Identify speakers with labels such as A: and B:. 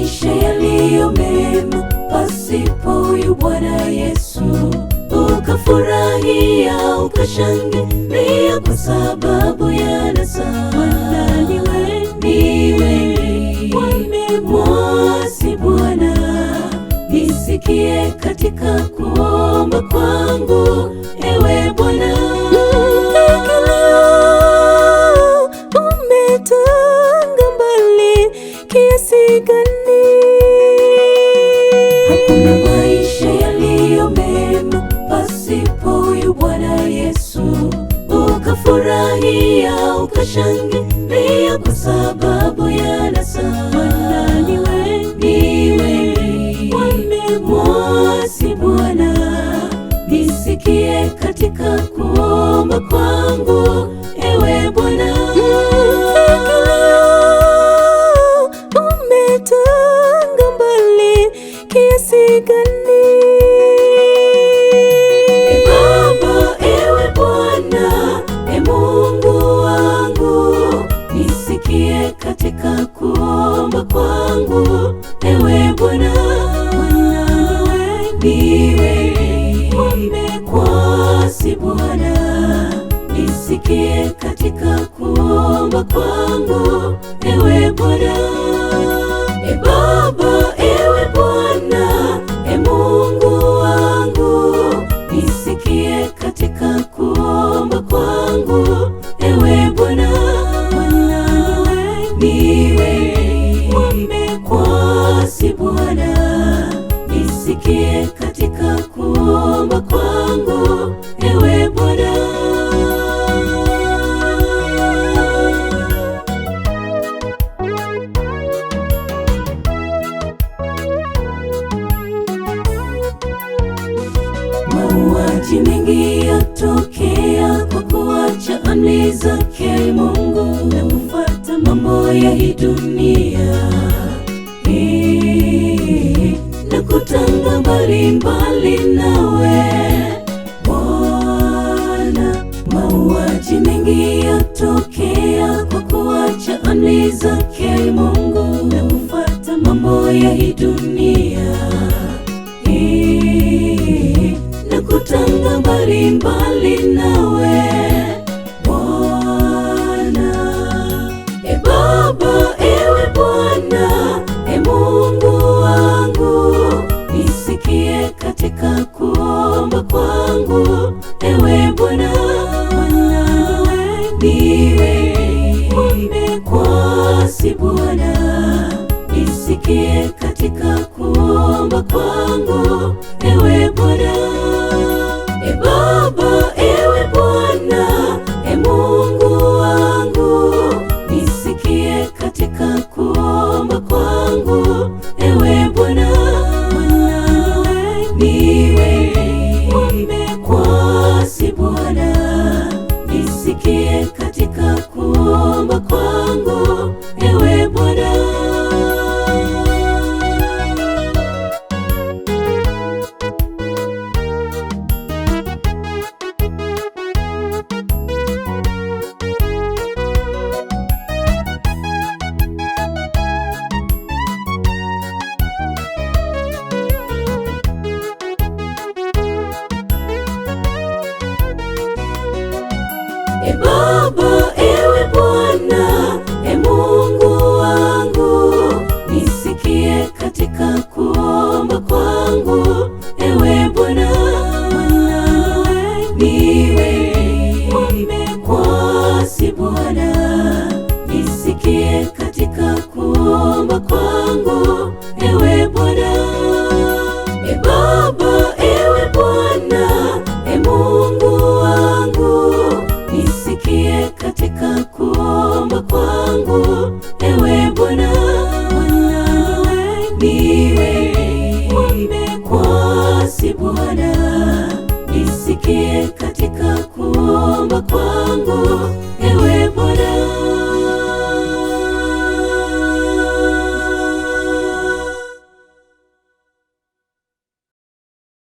A: maisha yaliyo mema pasipo yu Bwana Yesu, ukafurahia ukashangilia, kwa sababu ya nasa ni wengi wamemwasi Bwana. Nisikie katika kuomba kwangu, ewe Bwana. Washangilia kwa sababu ya Lasa, Bwana ni wamemwasi Bwana. Nisikie katika kuomba kwa kwamba kwangu mauaji mengi yatokea kwa kuacha amri zake Mungu na kufuata mambo ya hii dunia na kutanga mbalimbali nawe Bwana. Mauaji mengi yatokea kwa kuacha amri zake Mungu na kufuata mambo ya hii dunia matanga mbalimbali nawe Bwana. E Baba, ewe Bwana, e Mungu wangu, nisikie katika kuomba kwangu, ewe Bwana, niwe umekuasi Bwana, nisikie katika katika